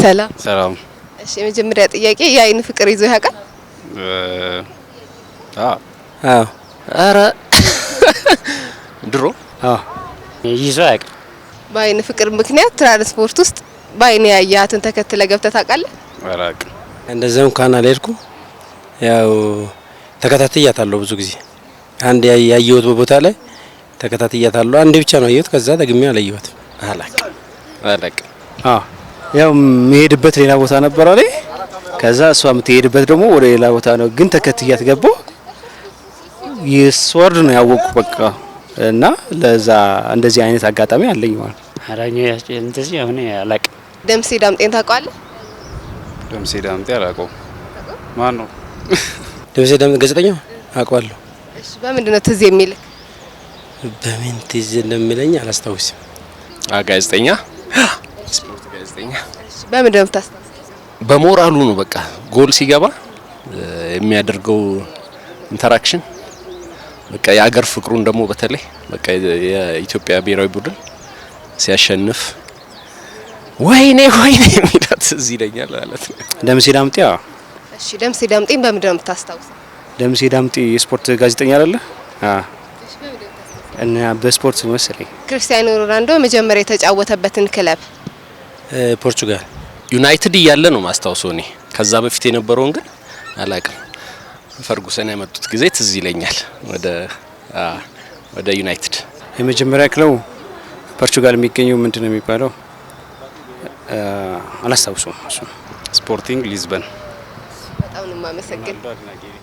ሰላም ሰላም። እሺ፣ የመጀመሪያ ጥያቄ የአይን ፍቅር ይዞ ያውቃል? አዎ። ኧረ ድሮ ይዞ ያውቃል። በአይን ፍቅር ምክንያት ትራንስፖርት ውስጥ በአይን ያያትን ተከትለ ገብተ ታውቃለህ? አራቅ እንደዛው እንኳን አልሄድኩም። ያው ተከታትያታለሁ ብዙ ጊዜ አንድ ያየሁት ቦታ ላይ ተከታትያታለሁ። አንዴ ብቻ ነው አየሁት፣ ከዛ ደግሜ አላየሁትም። አላቅ አላቅ አዎ ያው የምሄድበት ሌላ ቦታ ነበር አለ። ከዛ እሷ የምትሄድበት ደግሞ ወደ ሌላ ቦታ ነው፣ ግን ተከትያት ገባሁ። ይስወርድ ነው ያወቁ በቃ እና ለዛ እንደዚህ አይነት አጋጣሚ አለኝ ማለት አራኛ ያስጨ እንደዚህ አሁን አላቅም። ደምሴ ዳምጤን ታውቀዋለህ? ደምሴ ዳምጤ አላውቀውም። ማን ነው ደምሴ ዳምጤ? ጋዜጠኛ አውቀዋለሁ። እሺ በምንድን ነው ትዝ የሚልህ? በምን ትዝ እንደሚለኝ አላስታውስም። ጋዜጠኛ ስፖርት ጋዜጠኛ በምን እንደምታስታውስ በሞራሉ ነው። በቃ ጎል ሲገባ የሚያደርገው ኢንተራክሽን በቃ የአገር ፍቅሩን ደግሞ በተለይ በቃ የኢትዮጵያ ብሔራዊ ቡድን ሲያሸንፍ ወይኔ ወይኔ የሚላት እዚህ ይለኛል ማለት ነው። ደምሴ ዳምጤ። እሺ ደምሴ ዳምጤን በምንድን ነው የምታስታውሰው? ደምሴ ዳምጤ የስፖርት ጋዜጠኛ አይደለ? እና በስፖርት መሰለኝ ክርስቲያኖ ሮናልዶ መጀመሪያ የተጫወተበትን ክለብ ፖርቹጋል ዩናይትድ እያለ ነው ማስታውሶ እኔ ከዛ በፊት የነበረውን ግን አላቅም። ፈርጉሰን ያመጡት ጊዜ ትዝ ይለኛል ወደ ወደ ዩናይትድ የመጀመሪያ ክለው ፖርቹጋል የሚገኘው ምንድን ነው የሚባለው? አላስታውሱም። ስፖርቲንግ ሊዝበን። በጣም ነው የማመሰግን